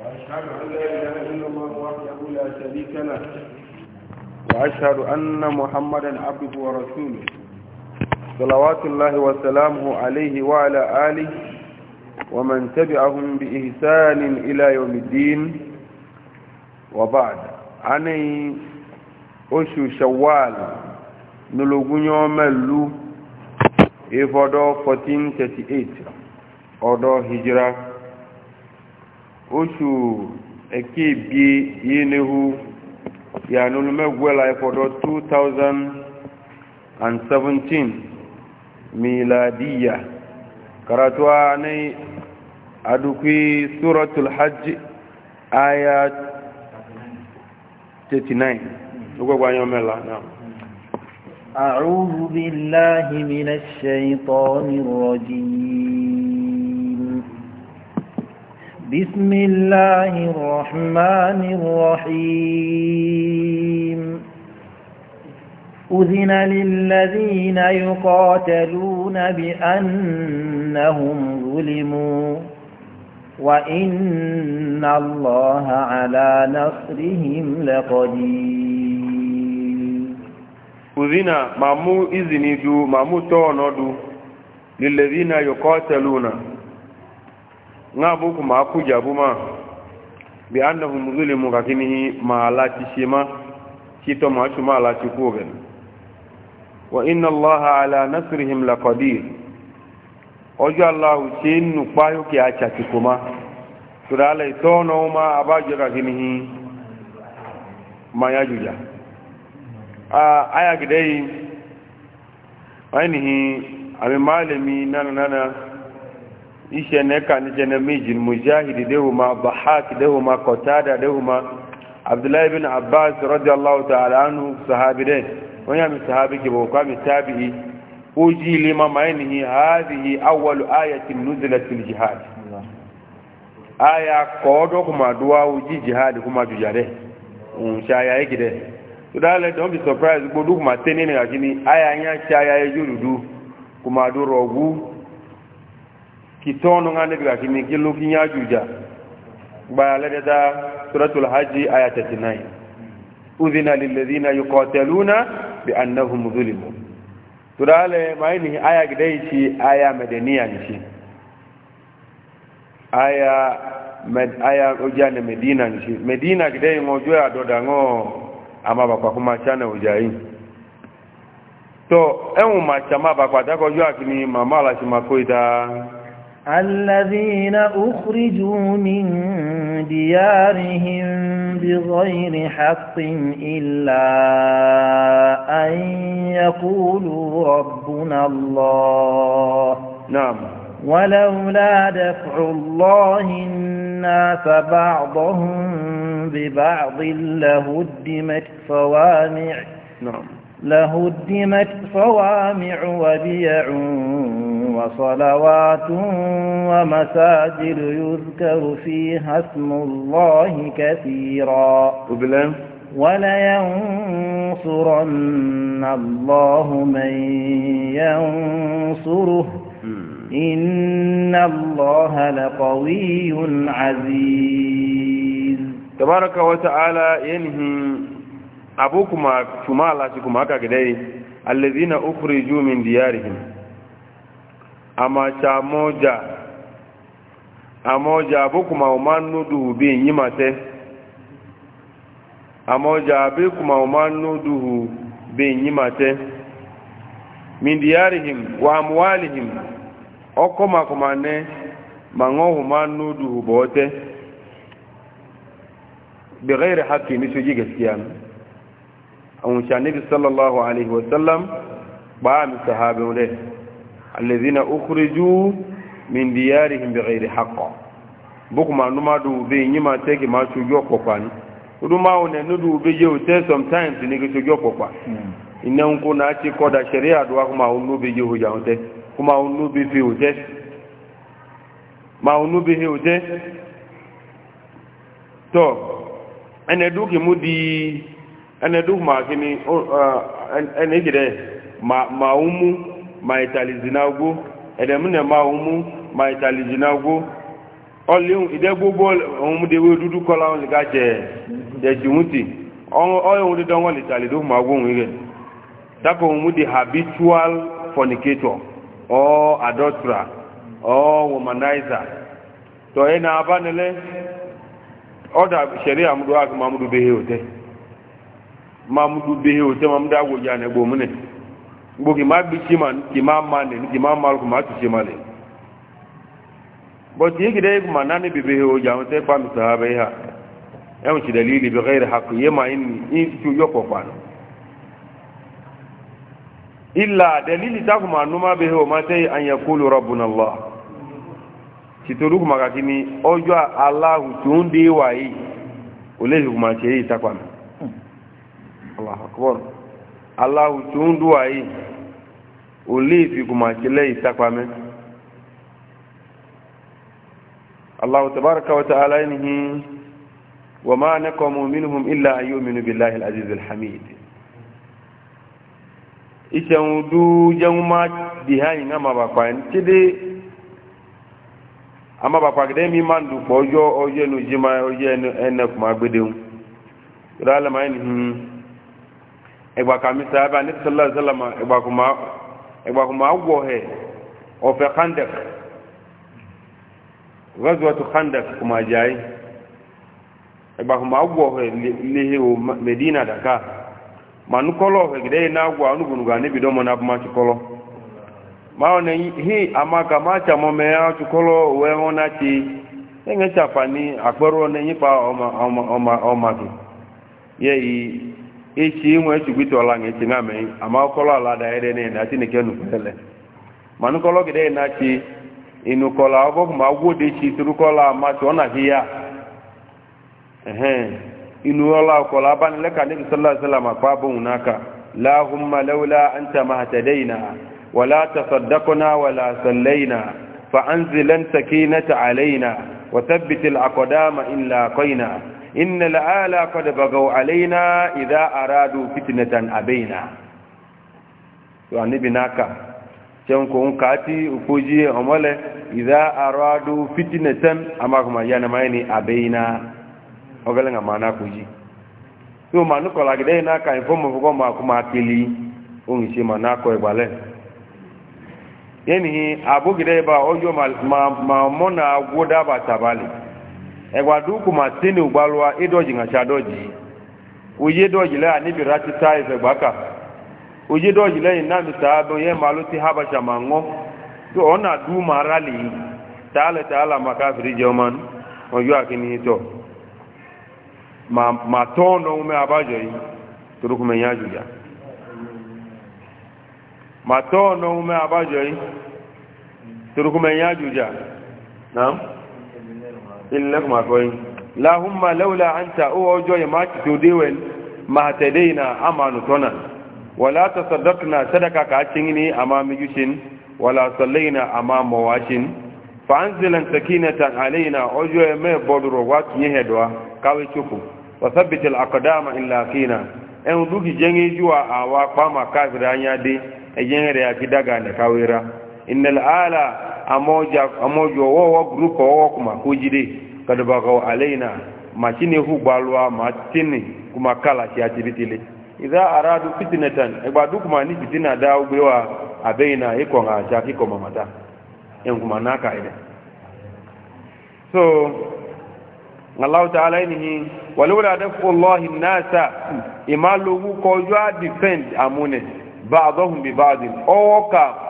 وأشهد أن لا اله الا الله وحده لا شريك له واشهد ان محمدا عبده ورسوله صلوات الله وسلامه عليه وعلى آله ومن تبعهم بإحسان إلى يوم الدين وبعد اني oṣù shawwal nologun yọ mẹ́lú 1438 ọdọ hijira oṣù ẹkẹ bí yínihu yànnú mẹgbẹlá ẹfọdọ 2017 miladiya karatuwa ní adukwi suratul hajj aya 39 gbogbo anyan mẹ́la náà أعوذ بالله من الشيطان الرجيم بسم الله الرحمن الرحيم أذن للذين يقاتلون بأنهم ظلموا وإن الله على نصرهم لقدير أذن مامو إذن دو مامو تونو دو للذين يقاتلون ŋaabo ko maa ku jaabu ma bi annahum zulimu ka kini maa laati sima sito maa su maa laati kuogen wa inna allaha ala nasrihim la qadir ojo allahu sin nu kpayo ki acha ki nana nana ishene kan jene mijin mujahidi dehuma bahak dehuma qatada dehuma abdullah ibn abbas radiyallahu ta'ala anhu sahabi de wanya mi sahabi ke bo kwa mi tabi'i uji lima mainihi hadhihi awwal ayatin nuzilat fil jihad aya kodo kuma duwa uji jihad kuma jujare un shaya yake de to dale don't be surprised go du kuma tenene gini aya nya shaya yuru du kuma du rogu kitono ngane ga kimi gilu kinya juja ba lada da suratul hajj ayat 39 udhina lil ladina yuqataluna bi annahum zulimu turale maini aya gidai ci aya madaniya ci aya med aya ujane medina ci medina gidai ngojo ya dodango ama ba kwa kuma chana ujai to ehun ma chama ba kwa dago jo ni mama la chima koita الذين أخرجوا من ديارهم بغير حق إلا أن يقولوا ربنا الله نعم ولولا دفع الله الناس بعضهم ببعض لهدمت صوامع نعم لهدمت صوامع وبيع وصلوات ومساجد يذكر فيها اسم الله كثيرا ولينصرن الله من ينصره إن الله لقوي عزيز تبارك وتعالى ينهي أبوكما كما الله كما كدري الذين أخرجوا من ديارهم amacha moja amoja abukuma umanuduhu bi nyimate amoja abikuma umanuduhu bi nyimate min diyarihim wa amwalihim okoma kumane mangohu manuduhu bote bi ghairi misuji gaskiya an nabi sallallahu alaihi wasallam ba mi sahabin dai الذين أخرجوا من ديارهم بغير حق بكما نمادو بي نيما تيكي ما شجو قواني ودما ونه ندو بي يو تي sometimes نيكي شجو قواني إنهم كنا أتي قد شريعة دوا كما ونو بي يو جاون تي كما ونو بي في يو تي ما ونو بي يو تي تو أنا دوكي مودي أنا دوك ما كني أنا كده ما ما أمو ma italizinago edemune ma umu ma ide ọlẹ́hun ìdẹ́gbogbo ohun dewe dúdú kọ́lá wọn lìká jẹ ẹ̀jùmú ti ọ̀hún dídán wọn lìtàlì tó máa habitual fornicator or adulterer or womanizer na abánilẹ́ mamudu behe mamudu behe gbogbo ma máa gbìtì mà kì ma nì kì máa ma kò máa tùtì mà nì bọ̀tí yìí kìdẹ́ mà náà ní bèbè o jàun tẹ́ pàmì ha ya ṣì dẹ̀lí ìlì bẹ̀rẹ̀ rẹ̀ hàkù yé mà ní ní tí ó yọ̀pọ̀ pa nù. ìlà dẹ̀lí ìlì o má tẹ́ àyẹ̀ kó ló rọ̀bù nà lọ. tìtorí kò ni ọjọ́ aláhùn tó aláwù tó ń dùn àyè ò lè fi kùmà sílẹ̀ ìsápamẹ́ aláwù tabaraka wa ta'ala nihi wa ma naqamu minhum illa an yu'minu billahi al-aziz al-hamid ìṣẹ̀hùn dú jẹun máa dìháyìn náà máa bàpá ẹni tí dé a máa bàpá gẹ́gẹ́ mi máa ń dùpọ̀ ọjọ́ ọjọ́ ẹnu jí máa ọjọ́ ẹnu ẹnẹkùn máa gbédéhùn rálẹ̀ máa ń hìn egba kami sahabe anabi sallallahu alaihi wasallam egba kuma egba kuma agwo he ofe khandak ghazwatu khandak kuma jai egba kuma agwo he lihi medina daka manukolo he gide na agwo anugunu ga nabi domo na buma chukolo mao ne hi amaka macha mome ya chukolo we ona ti nge chapa ni akwero ne nyipa oma oma oma, oma ki yeyi echi nwe echukwite ọla nga echi nga mee ama ọkọlọ ala da ere ne na chineke nukwele ma nukọlọ gide na chi inukọla ọgọgụ ma agwọ dị chi turukọla ma chi ọ na-ahị ya ehe inu ọla ọkọlọ abani leka nabi sallallahu alaihi wasallam akpa bụ n'aka lahumma laula anta ma hatadaina wala tasaddaqna wala sallaina fa anzilan sakinata alaina wa thabbit al aqdama illa qaina inna al'ala qad bagaw alaina idza aradu fitnatan abaina to annabi naka cen ko un kati upoji omole idza aradu fitnatan amakuma yana maini abaina ogala nga mana kuji to manu ko lagde naka informo ko ma kuma akili un shi manako ibale yeni abugide ba ojo ma ma mona goda ba tabali ẹ̀wà dúkù mà sí ní ìgbàlúwa ìdọ̀jì ńàṣà dọ̀jì oyé dọ̀jì lẹ́yà níbi ráti táyì fẹ̀gbákà oyé dọ̀jì lẹ́yìn náà mi sàábẹ̀ yẹn máa ló ti habasha mà ń wọ́ tó ọ̀nà dú mà rálì Ma tààlẹ̀ tààlà mà káfìrí jẹ́ ọmọ ọjọ́ àkíní tọ̀ mà tọ́ ọ̀nà omi abájọ yìí torúkú mẹ́yìn àjùjá mà tọ́ ọ̀nà omi abájọ yìí torúkú mẹ́yìn àjùjá náà ilẹ̀kùn àkọyìn láhùnmá lẹ́wọ̀lá àǹtà ó ọjọ́ yẹn máa tìtò déwẹ̀ máa tẹ̀lé ìnà àmànù tọ́nà wàlá tọ̀sọ̀dọ́kùnà sẹ́dàkà kà á ti ní àmà méjì ṣe ní wàlá sọ̀lẹ́ ìnà àmà mọ̀wá ṣe ní fàánzìlẹ̀ sẹ́kínẹ̀tà amojo wowo group wowo kuma kujide kadabagaw alaina machine hu gbalwa matini kuma kala ci atibitile idha aradu fitnatan ibadu kuma ni fitina da ugbewa abeina iko nga ja kiko mamata en kuma naka ile so Allah ta'ala ni walawla dafu Allah an-nasa imalu ko jwa defend amune ba'dhum bi ba'd awka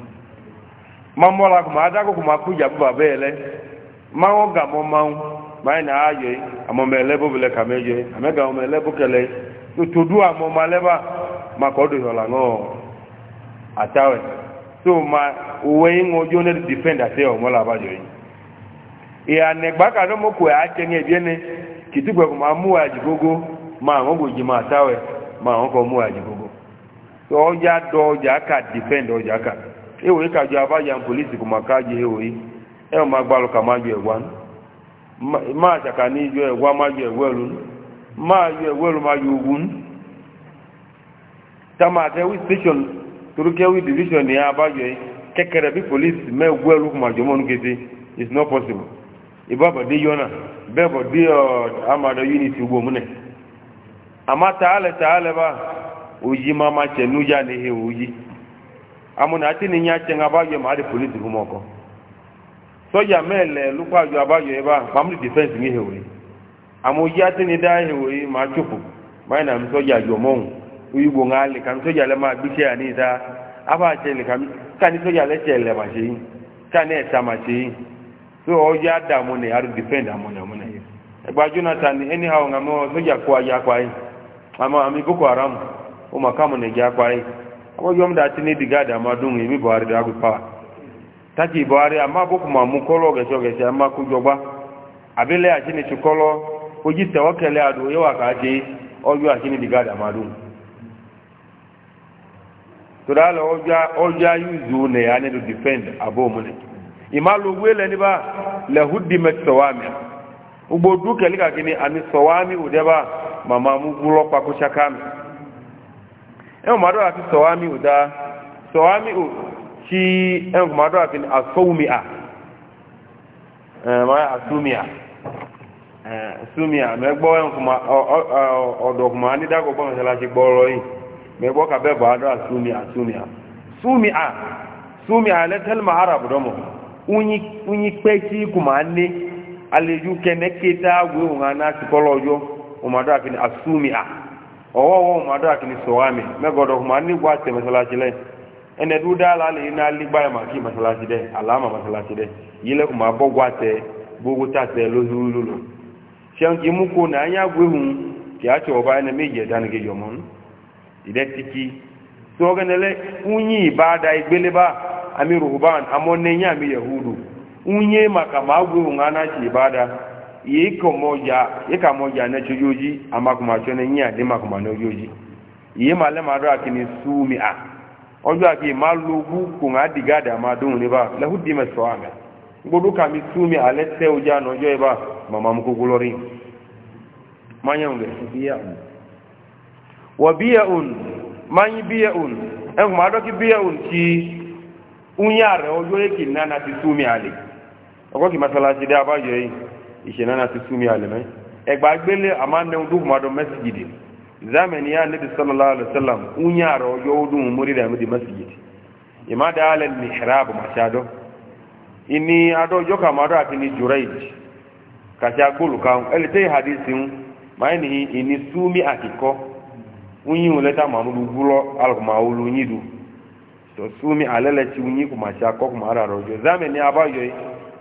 mamola kuma adago kuma kuja buba bele mawo e. ga mo ma bai na aye amo mele bo bele kameje amega o mele bo kele e. tutudu amo maleba makodo yola ngo atawe so ma uwe ngojo e. ne defender te o mola ba joyi ya ne gbaka no moku a chenye biene kitugwe kuma mu ajigogo ma ngo goji ma atawe ma ngo mu ajigogo so oja do oja ka defend oja ka ewee ka ju abaja polisi kuma ka ji ewe e ma gbalu ka ma egwa ma acha ka ni ju egwa ma ju egwelu ma ju egwelu ma ju ugun tama te wi station turuke wi division ya abajo e. kekere bi polisi me egwelu kuma ju monu is not possible ibaba de yona bebo de amado unity ugbo mune amata ale ta ale oyi ma ma chenu ya ne amụna atini ni che nga abayọ ma adị polisi hụ mọkọ soja mele lukwa ajọ abayọ ebe a defense difensi n'ihe Amu amụji atini daa ihe wee ma chụpụ ma na m soja ajọ mọnwụ uyigbo nga alị ka m soja le ma gbishe ya n'ịda aba chele ka m ka ni soja le chele ma chee ka na eta ma chee so ọjọ ada amụna ya difend amụna amụna ẹgba jonathan anyhow nga mọ soja kwa ajọ akwa anyị ama ami boko haram ụmụ akamụ na-eji akwa anyị ko yom da tini diga da ma dun ibi buhari da agu pa taki buhari amma boku ma mu kolo ga shoge shi amma ku joba abile a tini ci kolo ko ji tawakkale adu yawa ka ji ojo a tini diga da ma dun to da lo oja yuzu ne ya ne defend abo mu ne ima lo wele ni ba la huddi mat sawami ubo duka lika kini ani sawami udeba mama mu gulo pa ko shakami ẹn kò máa dọ́wà fi sọ̀wámi ò dáa sọ̀wámi ò kí ẹn kò máa dọ́wà fi asọ́wùmí à ẹ̀ẹ́mà asúmi à súmi à mẹ́gbọ́ ẹn kò máa ọ̀dọ̀ kò máa nídàgọ̀ bọ́ mọ̀ṣáláṣí gbọ́ ọ̀rọ̀ yìí mẹ́gbọ́ kàbẹ́ bọ̀ adọ́ asúmi à ọwọ́ wọn ma dọ́ àkìlì sọ̀wámi mẹ́gọ̀dọ̀ ma ní wá tẹ masalasi lẹ́ ẹnẹ dúró dá láàlẹ́ iná lígbà ẹ̀ máa kí masalasi dẹ́ àlámà masalasi dẹ́ yìí lẹ́kùn ma bọ́ wá tẹ gbogbo tá tẹ lóṣooṣù ṣẹ́n kì í mú kó náà yá gbé hun kì á tẹ ọba ẹni méjì ẹ̀dá nìkejì ọmọ nù ìdẹ́ títí tó ọgẹ́ yeka moja yeka moja na chojoji ama kuma chone nya de ma kuma no joji ye ma le ma do akini sumi a ojo aki ma lugu ku nga digada ma dun ni ba la huddi ma swaga godu ka mi sumi ale te uja no jo ba mama mku gulori manyonge biya wa biyaun manyi biyaun en eh, ma do ki biyaun ti unyare ojo yeki nana ti sumi ale ogo ki masalasi da ìṣẹ̀nà náà ti sú mi àlẹ́mẹ́ ẹgbà gbélé àmánẹ́hùn dùn mẹ́sìgìdì zamani ya nabi sallallahu alaihi wasallam unya ro yo dun muri da mudi masjid ima da al mihrab mashado ini ado yo ka mado ati ni juraid ka ja kulu ka el te hadisin ini sumi akiko unyi uleta mamudu gulo al maulu alele ti unyi kuma rojo zamani abayo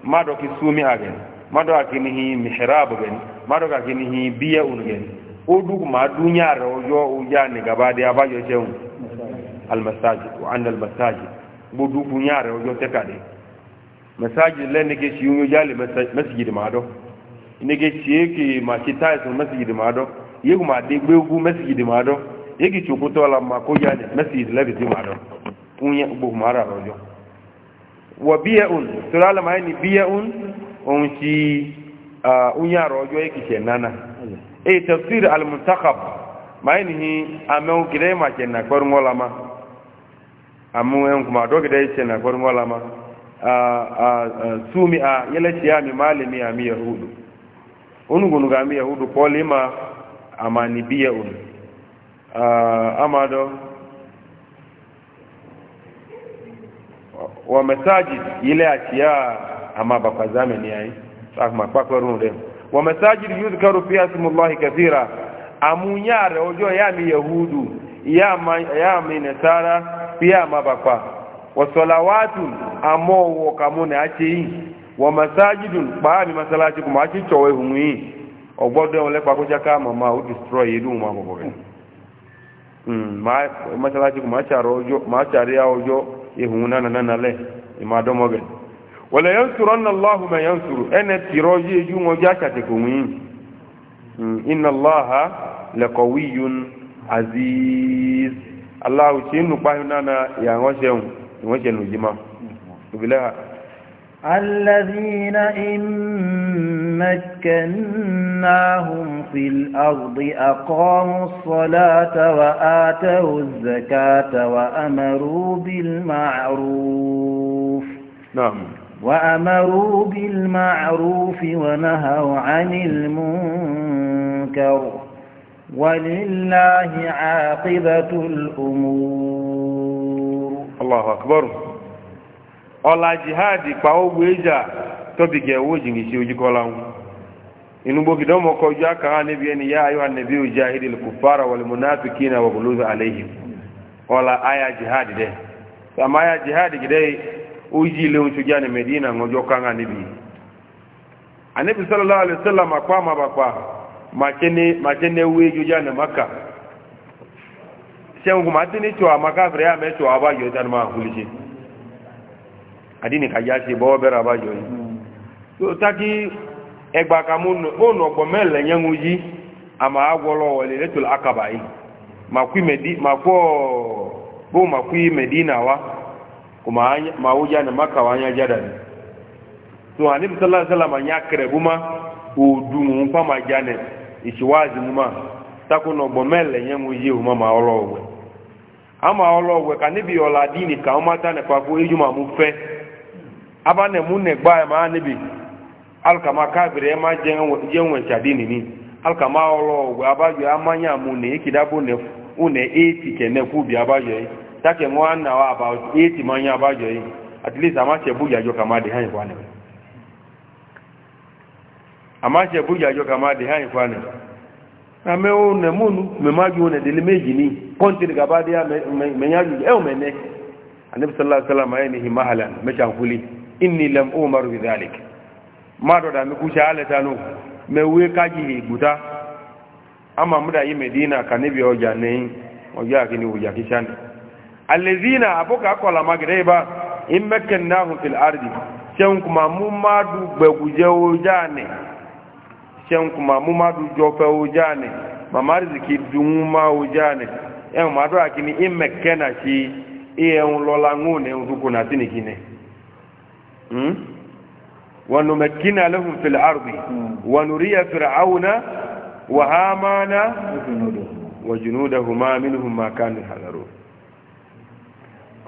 mado ki sumi again mado akini hi mihrab gen mado akini hi biya un gen odu ma dunya ro yo uja ni gaba de abayo cheun al masajid wa anna al masajid budu dunya ro yo tekade masajid le ne ke shi yo jale masjid mado ne ke shi e ke ma chita e so masjid mado yegu ma de gbegu masjid mado yegi chukuto la ma ko jale masjid le bi mado unya bu mara ro wa biya un tulala ma e ni biya un ohun tí unyàrá ọjọ́ ìkìṣẹ̀ nánà èyí tafsir al-muntakab máa nìyí amẹ́hùn kìdẹ́ ìmà ṣẹ̀ nà gbọ́rùn lama amú ẹ̀hùn kùmà dọ́ kìdẹ́ ṣẹ̀ nà gbọ́rùn wọ́n sumi a yẹlẹ́ ṣe àmì máa lè mi àmì yahudu onugunu ga àmì yahudu pọ́lì ma àmà níbí yahudu amadọ́ wọ́n mẹ́sáàjì yẹlẹ́ àṣìyà amma ba kwa zamani yayi sakma kwakwarun dem wa masajid yuzkaru fiha ismullahi kathira amunyare ojo yami yahudu yama yami nasara pia mabakwa wa salawatu amowo kamune achi wa masajidun baami masalati kuma achi chowe humwi ogbodo ole pa ko jaka mama o destroy idu ma ko boge mm ma masalati kuma charo ojo ma chari na na le, nanale imadomoge wala yansuranna allahu man yansuru ene tiro yeju ngo jakate ko min inna allaha laqawiyyun aziz allah chinu pahinana ya ngoshem ngoshe nujima bila الذين إن مكناهم في الأرض أقاموا الصلاة وآتوا الزكاة وأمروا بالمعروف نعم وأمروا بالمعروف ونهوا عن المنكر ولله عاقبة الأمور الله أكبر ọlá jihadi pa ogun ìjà tọ́bìkẹ̀ owó jìnì sí ojú kọ́lá wọn inú gbogbo ìdánmọ̀ kọjú àkàrà níbi ẹni yá ayọ́ ànàbí ojú àhídì kùfàrà wà lèmọ̀náàfi kí náà wà gùlóòzù aléhìn ọlá ayá jihadi dẹ́ sàmáyá jihadi gidẹ́ oji ile nsojani medina ngojo kanga nibi anabi sallallahu alaihi wasallam akwa mabakwa makene makene wejo jana maka sẹ́wọ̀n kò máa tí ní tíwà makáfẹ́ yá mẹ́tíwà abájọ́ ìtàn máa kúlù ṣe àdínì kàjá ṣe bọ́ bẹ́rẹ̀ abájọ́ yìí tó tákí ẹgbà kàmú ònà ọgbọ̀n mẹ́lẹ̀ yẹnu yí àmà agbọ́lọ́ wọlé lẹ́tọ̀ọ́ akaba yìí màkú mẹ́dínà wa kuma wuja na makawa ya jada ne to hannun sallallahu salama ya krebu ma odu mu nfa ma jane ìṣíwáàzì mu ma takun ọgbọ mẹlẹ yẹn mu yé o ma ma ọlọwẹ a ma ọlọwẹ ka níbi ọlá díìnì ka ọmọ ta nípa fún ejú ma mu fẹ abánẹ mu nẹgbà ẹ máa níbi alùkàmá káàbìrì ẹ máa jẹun ẹ̀ṣà díìnì ni alùkàmá ọlọwẹ abájọ amáyàmú ní èkìdábò nẹ fún nẹ éètì kẹ nẹ fún bí abájọ yìí take mwana wa about 80 manya abajo yi at least amache buja jo kama de hayi kwane amache buja jo kama de hayi kwane ame o ne munu me maju ya menyaju e o mene annabi sallallahu alaihi wasallam ayni mahalan mecha kuli inni lam umar bi dhalik mado da mi kusha ala tanu kaji guta ama muda yi medina ne oja kini oja alezina aboka akola magreba imakannahum fil ardi sen kuma mu madu gbeguje o jane sen kuma mu madu jofe o jane mamarziki dunuma o jane en madu akini imakana shi iye un lola ngune uzuku na tini kine hmm ونمكن لهم في الأرض ونري فرعون وهامان وجنودهما منهم ما كانوا يحذرون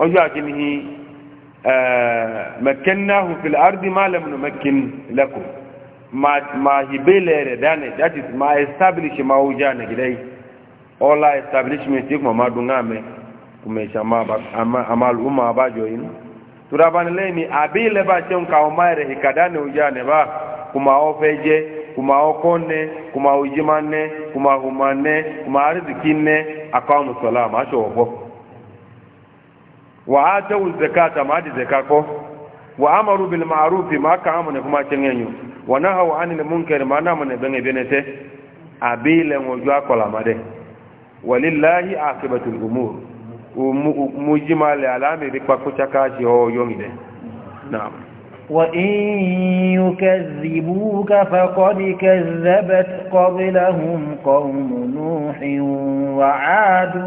ọjọ́ àkíní eh, mẹkẹ́nnáhù fìlẹ̀ àrùdí máa lẹ́mùnú mẹ́kín lẹ́kùn máa hìbélẹ̀ rẹ̀ dáni that is máa establish máa ó já nàìjíríà yìí ọlá establishment tí kò máa dùn náà mẹ́ kò mẹ́ṣà àmàlù ọmọ àbájọ yìí tura bá nílẹ̀ ni àbílẹ̀ bá ṣe ń ka ọmọ rẹ̀ ìkàdá ni ó já nàìjíríà kò máa ọ fẹ́ jẹ́ kò máa ọkọ nẹ kò máa ojúmọ́ nẹ kò máa hùmà nẹ kò máa arìsìkí wa atawu zakata ma di zakako wa amaru bil ma'ruf ma ka amune kuma cengenyu wa nahaw anil munkar ma na mune bene benete abile ngoju akola made walillahi akibatul umur mujimale alame bi kwa kuchaka ji ho yongide na'am وإن يكذبوك فقد كذبت قبلهم قوم نوح وعاد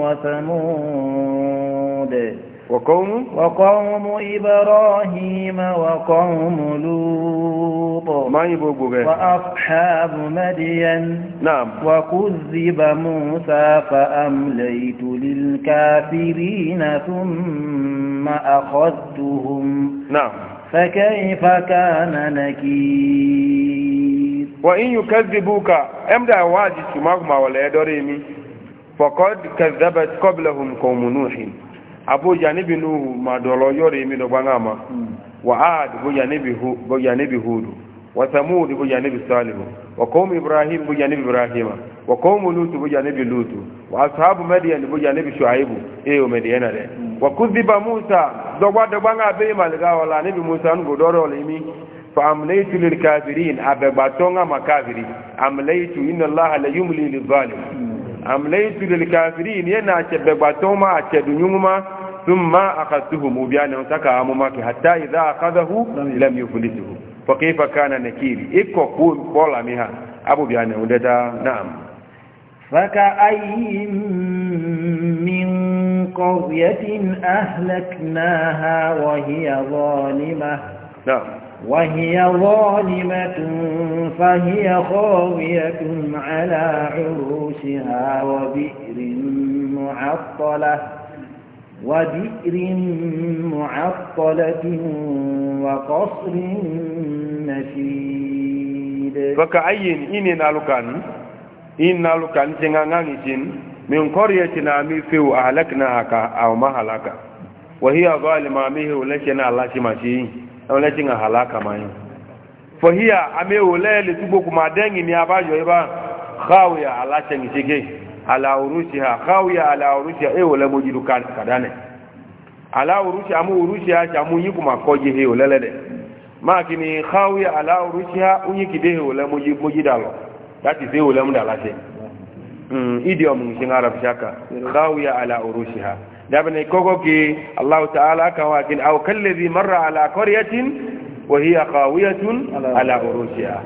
وثمود وقوم وقوم إبراهيم وقوم لوط ما وأصحاب مدين نعم وكذب موسى فأمليت للكافرين ثم أخذتهم نعم فكيف كان نكير وإن يكذبوك أمدى واجد مغمى ولا يدري فقد كذبت قبلهم قوم نوح aboja nibi ma madolo yori imino bangama hmm. wa ad boja janibi hu, boja nibi hudu wa thamudi boja janibi salimu wa kaumu ibrahim boja janibi ibrahima wa kaumu lutu boja janibi lutu wa ashabu madiani boja nibi shuaibu eyo ee, madianare mm. wa kudhiba musa dogwa dogwanga wala ligawala nibi musa ngodoro limi fa amlaytu lilkafirin abegbatonga makafiri amlaytu inna allaha la yumli lizalim mm. amlaytu lilkafirin yena achebegbatoma achedunyunguma ثم أخذتهم وبيانا وتكا أمامك حتى إذا أخذه لم يفلسه فكيف كان نكيري إكو كون قول مها أبو بيانا وددا نعم فكأي من قرية أهلكناها وهي ظالمة نعم وهي ظالمة فهي خاوية على عروشها وبئر معطلة وذكر معطلة وقصر مشيد فكأين إني نالكان إن نالكان جن من قرية عمي فيو أهلكناها أو ما هلكا وهي ظالمة عميه ولكن الله شماشي ولكن هلاكا ماي فهي أمي ولكن تبوك ما دنجي نيابا جويبا خاوية الله شنجي ala urushiha khawiya ala urushiha e wala mojidu kan kadane ala urushi amu urushiha chamu yiku makoji he wala de makini khawiya ala urushiha unyiki de he wala mojidu mojidalo that is e wala mudala she mm idiom ngi arab shaka khawiya ala urushiha dabne kogo ki allah ta'ala ka wakin aw kalladhi marra ala qaryatin wa hiya khawiyatun ala urushiha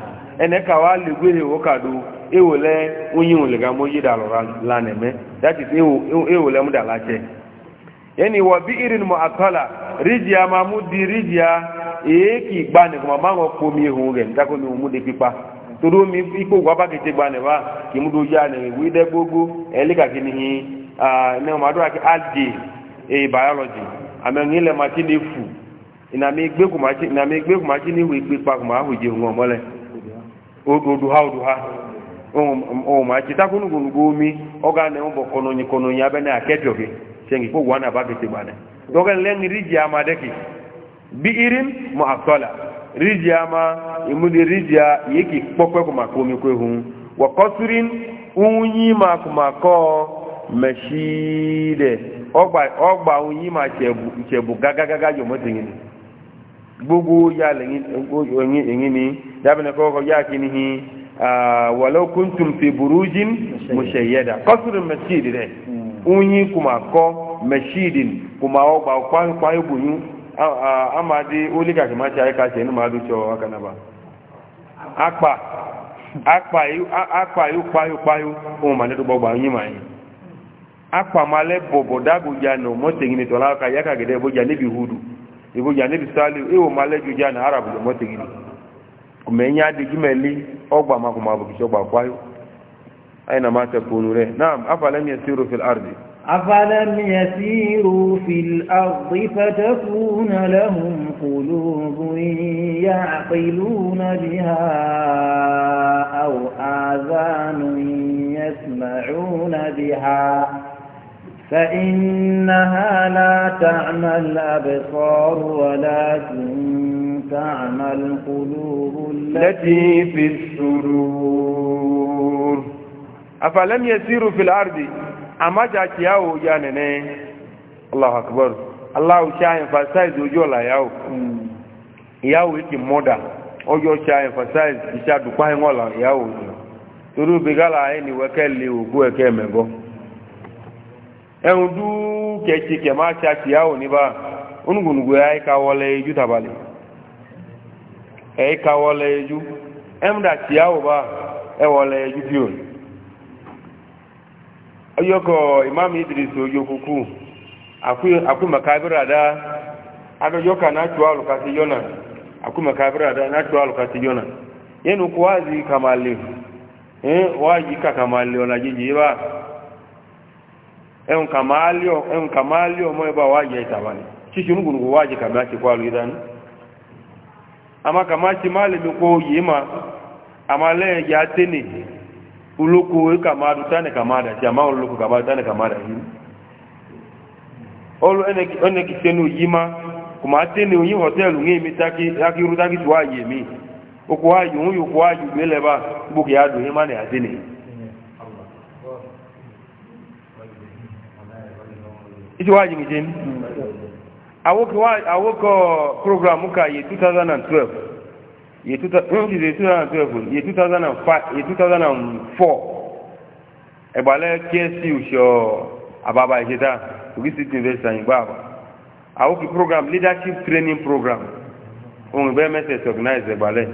ene kawali gwe wokadu ewole onye nwulega moji dalụrụla na-eme that is ewole m dalache yani wa bi'irin mu'akkala rijiya ma mu di rijiya e ki gba ne ko ma ngo ko mi hu gen ta ko mi mu de pipa to do mi iko gwa ba ke te gba ne ba ki mu do ja ne wi de gbogbo e li ka kini ne ma do aki algae e biology ame ngile ma ti ni ina mi gbe ko ma ti ina mi gbe ko ma ti ni wi pipa ko ma hu o do ha o do ha ma chita kunu gunu gumi oga ne mbo abịa na kono nya bene aketo ke sengi ko wana ba ke tibane doga len riji ama dị deki bi iri irim mu afsala riji ama imudi riji yiki pokwe ko makomi ko hun wa Wakọsiri unyi ma kuma ko mashide Ọgba ogba unyi ma chebu chebu gagagaga yo motingini gbogbo ya lengi ngini dabene ko ko ya kinihi Ah, walau kuntum fi burujin mushayyada qasr masjid hmm. unyi kuma ko masjidin kuma o ba kwan bunyu amadi ah, ah, ki ma ka ni ma du cho aka na ba yu yu pa yu pa yu o ma ne unyi ma ma le ya ka gede bo hudu ibo ja ni bi sali e o ọgbà makùnmọ̀ àbùkìṣọ́ gbà kwáyó aina ma takunu re na'am afalam yasiru fil ardi afalam yasiru fil ardi fatakuna lahum qulubun ya'qiluna biha aw adhanun yasma'una biha فإنها لا تعمى الأبصار ولكن تعمى القلوب التي في السرور أفلم يسيروا في الأرض أما جاكياو جانني الله أكبر الله شاين فسايز وجولا ياو ياو إكي مودا ojo cha emphasize isha dukwa ngola yawo turu bigala ni wekeli ugu ekemego ẹ̀hùn dúkẹ̀ẹ́kẹ̀ẹ́ máa ṣe àṣìyáwò ní bá onígbònúgbò ayíká wọlé jútàbálẹ̀ ẹ̀ẹ́ka wọlé ẹjú ẹ̀mdà tí a ò bá ẹwọlé ẹjú bí òní ọyọ́kọ̀ ìmáàmù ìdìrìsì ojú kúkú àkúmọ̀kábíràdá adọ́jọ́ka náàtù alùkàtí yọ́nà àkúmọ̀kábíràdá náàtù alùkàtí yọ́nà yẹnu kó wáàzí kàmàlè wáàyí kàkàmàlè ọ̀nà jíjì bá ẹ̀hùn kàmàlè ọmọ ẹbá wáàyí ẹ̀tàwà ní ṣíṣe onúgbùnúgbù wáàyí kàmàlè ama kama ti malami ko yi ma ama le ya tene uloko e kama du tane kama da ti ama uloko kama du tane kama da hin olu ene ene ki tenu yi ma kuma tene yi hotel ngi mi taki taki ru taki tuwa yi mi o ko ayu un yu ko ayu mele ba bu ki adu yi ma ne atene iti wa awoko program ka ye 2012 ye 2012 ye 2005 ye 2004 ebale kesi usho ababa ejeta visit investor in baba awoki program leadership training program ohun be message organize ebale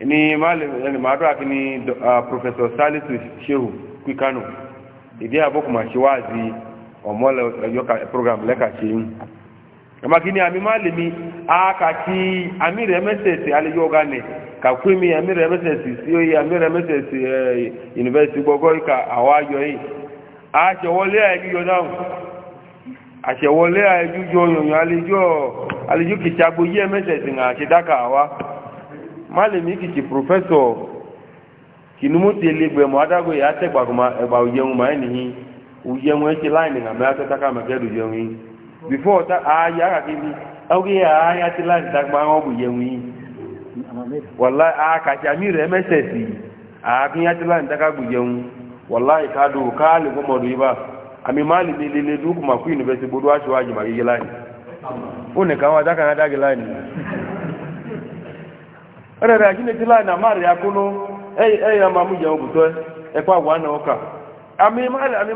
ni male ni madu akini uh, professor salisu shehu kwikano ìdí àbókùnmá ṣe wáàzí ọmọ lẹ́yọ́ka program lẹ́ka ṣe yìí makini ami malimi akaki ami remesesi aliyo gane mi ami remesesi siyo yi ami remesesi eh, university gbogbo ika awayo yi aṣẹwọlé ayẹyọ náà aṣẹwọlé ayẹyọ yọyọ alijọ alijọ kìtì agbo yí mss ní àṣedáka wa malimi kìtì professor kìnnìmọ́tì elégbèmọ̀ adágò yìí àtẹ̀gbàgbọ̀mọ̀ ẹ̀gbà òjẹun máa ń nìyí òjẹun ẹ̀ ṣe láì nìyàmẹ́ àtẹ̀tàkà mẹ́kẹ́rù jẹun yìí before ta aya kakini oge aya ti láti dagba wọn bù yẹun yìí wàlá àkàtì àmì rẹ̀ mẹ́sẹ̀ sí ààfin ya ti láti dagba bù yẹun wàlá ìkádò káàlì fọmọdù yìí bá àmì máa lè lè dúkù màkú yunifásitì gbogbo aṣọ àjùmọ̀ àgègè láì ó nìkan wọn adákan adágè láì nìyí ẹ̀rẹ̀rẹ̀ àjínetí láì nà máa rẹ̀ akúnú ẹ̀yà máa mú yẹun bùtọ́ ẹ̀kọ́ àwọn àna ọkà àmì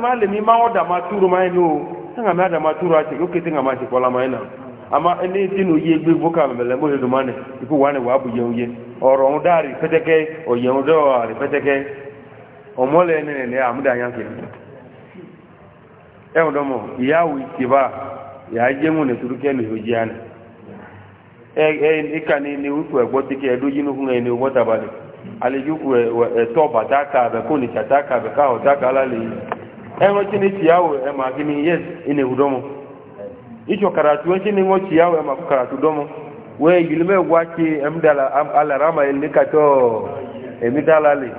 máa lè mi máa ọ̀dà máa túrò máa ẹni o tanga mi adama turu ase yoke tanga ma se kɔla ma yi na ama ne ti no ye gbe voka mɛlɛ e, mo le do ma ne iko wa ne wa bu yewu ye ɔrɔ ŋu da ari pɛtɛkɛ ɔyewu dɛ ɔ ari pɛtɛkɛ ɔmɔ lɛ ne ne ne amu da yan kiri ɛwɔ dɔmɔ yawu tiba yaa je ŋu ne turu kɛ ne yɔ jia ne ɛ ɛ ika ne ne uku ɛgbɔ ti kɛ ɛdo yinu kun ɛ ne wɔ taba le ale yi ɛ e, ɛ e, tɔ bata ka bɛ ko ne tsa ta ka bɛ ka ɔ ta ka la le yi ẹ̀wọ̀n tí ni tìyàwó ẹ̀ máa kí ni yes ina ewu dọ́mọ ìṣọ̀ karatu ẹ̀ tí ni wọ́n tìyàwó ẹ̀ máa kó karatu dọ́mọ wọ́n ẹ̀ yìí mẹ́ wá kí ẹ̀mí dà alàrámà ẹ̀ ní kàtọ́ ẹ̀mí dà lálẹ́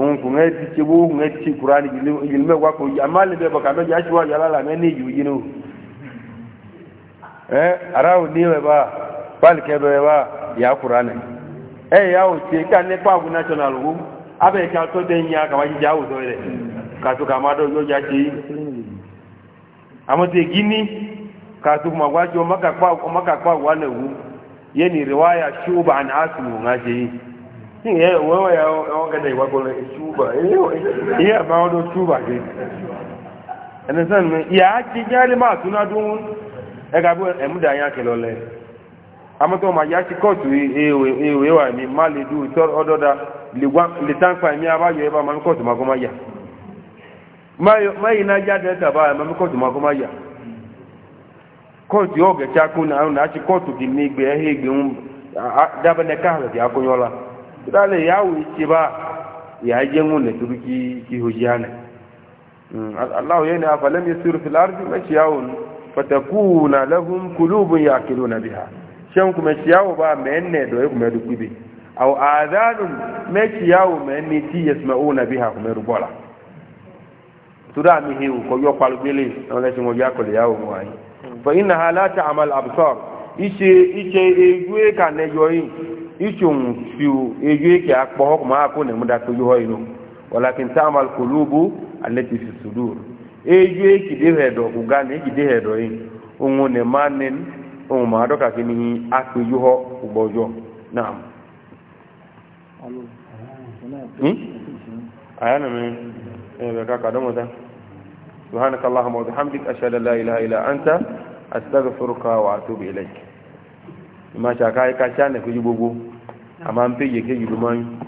òun kò ń ti ṣe wó ń ti kura ni yìí mẹ́ wá kó àmà lè bẹ̀ bọ̀kà mẹ́jọ aṣọ àyàlá là mẹ́ ní ìyìí yìí ẹ̀ aráwò ní ẹ̀ bá pálí kẹ́bẹ̀ ẹ̀ bá yà kura ni ẹ̀ yà ò tiẹ̀ ká nípa àgùn national wo abẹ́ ìka tó dé ń yà kàwá jíjà àwùjọ rẹ̀ kàtó kà má dọ̀ yóò já ṣe yìí àmọ́tẹ́ gíní kàtó màgbájọ mọ́kàpá wà lẹ̀wú yẹ́ ni rẹwàáyà ṣúbà ní àtùmù ńlá ṣe yìí tí ìyẹ́ ìwọ́wọ́ ya ọgẹ́dẹ̀ ìwàgbọ́lẹ̀ ṣúbà ìyẹ́ àbáwọ́dọ̀ ṣúbà ṣe ẹni sẹ́n mi ìyá ma yá ti kọ́ọ̀tù èèwé wà ní má lè dú ọdọ́dá lè tán pa ẹ̀mí abáyọ ẹ bá ma ní kọ́ọ̀tù má yà mayi na ja delta um, ba mami kóòtù ma kó ma yà kóòtù yóò gẹ̀ẹ́tsá kó na ọ̀nà àti kóòtù kì ní gbé ẹ̀hẹ́ gbé ń dábẹ́ ní káàlù kì á kó yọ la ìdálẹ̀ yà wò itse ba yà á jẹ́ ńwó nẹ̀túrú kí kí ho yá nẹ̀ aláwo yẹn ni afalẹ́ mi sùrù fi lárí mẹ́tsi yà wò pàtàkù nà lẹ́hùn kúlúùbù ya kéde wò nàbí ha sẹ́wọ̀n kò mẹ́tsi yà wò ba mẹ́ẹ̀nẹ̀ dọ̀ ẹ̀kùn mẹ́ẹ̀dùkú bi àwọn àdánù mẹ́tsi yà wò mẹ́ẹ̀nẹ̀ tí yẹ tura mi hewu ko yo palu bele on la simo ya ko le yawo mo ayi fa innaha la ta'mal absar ise ise egwe ka ne yo yi ichun fiu egwe ke apo ko ma ko ne muda ko yo yi no walakin ta'mal qulubu allati fi sudur egwe ki de he do ku ga ne ki de he do yi unwo ne manen unwo ma do ka kini apo yo ho ubojo naam alo hmm ayana ebe ka kadomo ta سبحانك اللهم وبحمدك أشهد أن لا إله إلا أنت أستغفرك وأتوب إليك ما شاكاي كاشان كجبوبو أمام بيجي كجبوبو